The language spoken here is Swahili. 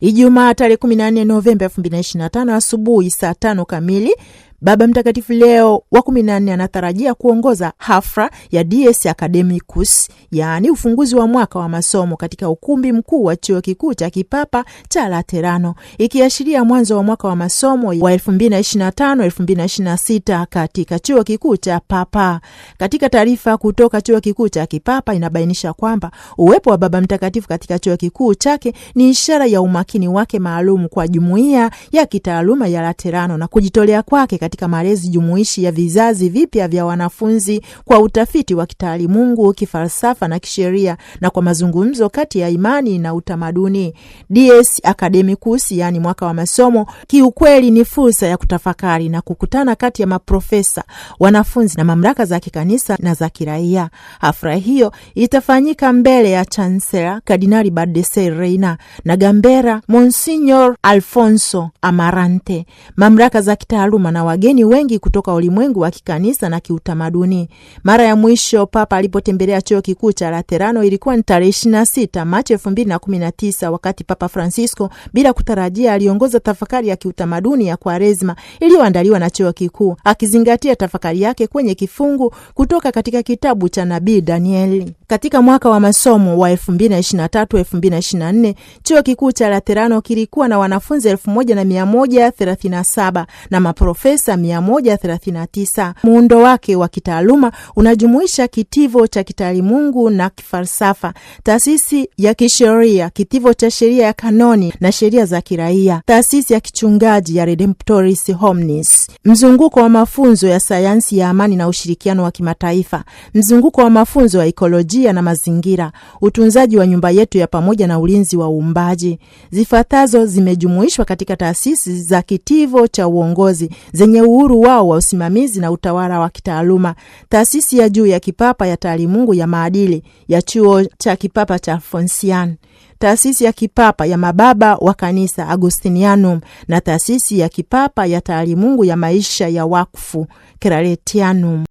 Ijumaa tarehe 14 Novemba 2025 asubuhi saa tano kamili Baba Mtakatifu Leo wa kumi na nne anatarajia kuongoza hafla ya Dies Academicus, yaani ufunguzi wa mwaka wa masomo katika ukumbi mkuu wa chuo kikuu cha kipapa cha Laterano, ikiashiria mwanzo wa mwaka wa masomo wa 2025-2026 katika chuo kikuu cha Papa. Katika taarifa kutoka chuo kikuu cha kipapa inabainisha kwamba uwepo wa Baba Mtakatifu katika chuo kikuu chake ni ishara ya umakini wake maalum kwa jumuiya ya kitaaluma ya Laterano na kujitolea kwake katika malezi jumuishi ya vizazi vipya vya wanafunzi kwa utafiti wa kitaalimungu, kifalsafa na kisheria na kwa mazungumzo kati ya imani na utamaduni. Dies Academicus, yaani mwaka wa masomo, kiukweli ni fursa ya kutafakari na kukutana kati ya maprofesa, wanafunzi na mamlaka za kikanisa na za kiraia. Hafla hiyo itafanyika mbele ya chansela Kardinali Baldassare Reina na gambera Monsignor Alfonso Amarante, mamlaka za kitaaluma na wageni wengi kutoka ulimwengu wa kikanisa na kiutamaduni. Mara ya mwisho Papa alipotembelea chuo kikuu cha Laterano ilikuwa ni tarehe 26 Machi 2019 wakati Papa Francisco bila kutarajia aliongoza tafakari ya kiutamaduni ya Kwaresma iliyoandaliwa na chuo kikuu, akizingatia tafakari yake kwenye kifungu kutoka katika kitabu cha nabii Danieli. Katika mwaka wa masomo wa 2023/2024 chuo kikuu cha Laterano kilikuwa na wanafunzi 1137 na maprofesa 1939. Muundo wake wa kitaaluma unajumuisha kitivo cha kitaalimungu na kifalsafa, taasisi ya kisheria, kitivo cha sheria ya kanoni na sheria za kiraia, taasisi ya kichungaji ya Redemptoris Homnis, mzunguko wa mafunzo ya sayansi ya amani na ushirikiano wa kimataifa, mzunguko wa mafunzo ya ikolojia na mazingira, utunzaji wa nyumba yetu ya pamoja na ulinzi wa uumbaji. Zifuatazo zimejumuishwa katika taasisi za kitivo cha uongozi zenye kwenye uhuru wao wa usimamizi na utawala wa kitaaluma. Taasisi ya juu ya kipapa ya taalimungu ya maadili ya chuo cha kipapa cha Foncian, taasisi ya kipapa ya mababa wa kanisa Agustinianum na taasisi ya kipapa ya taalimungu ya maisha ya wakfu Claretianum.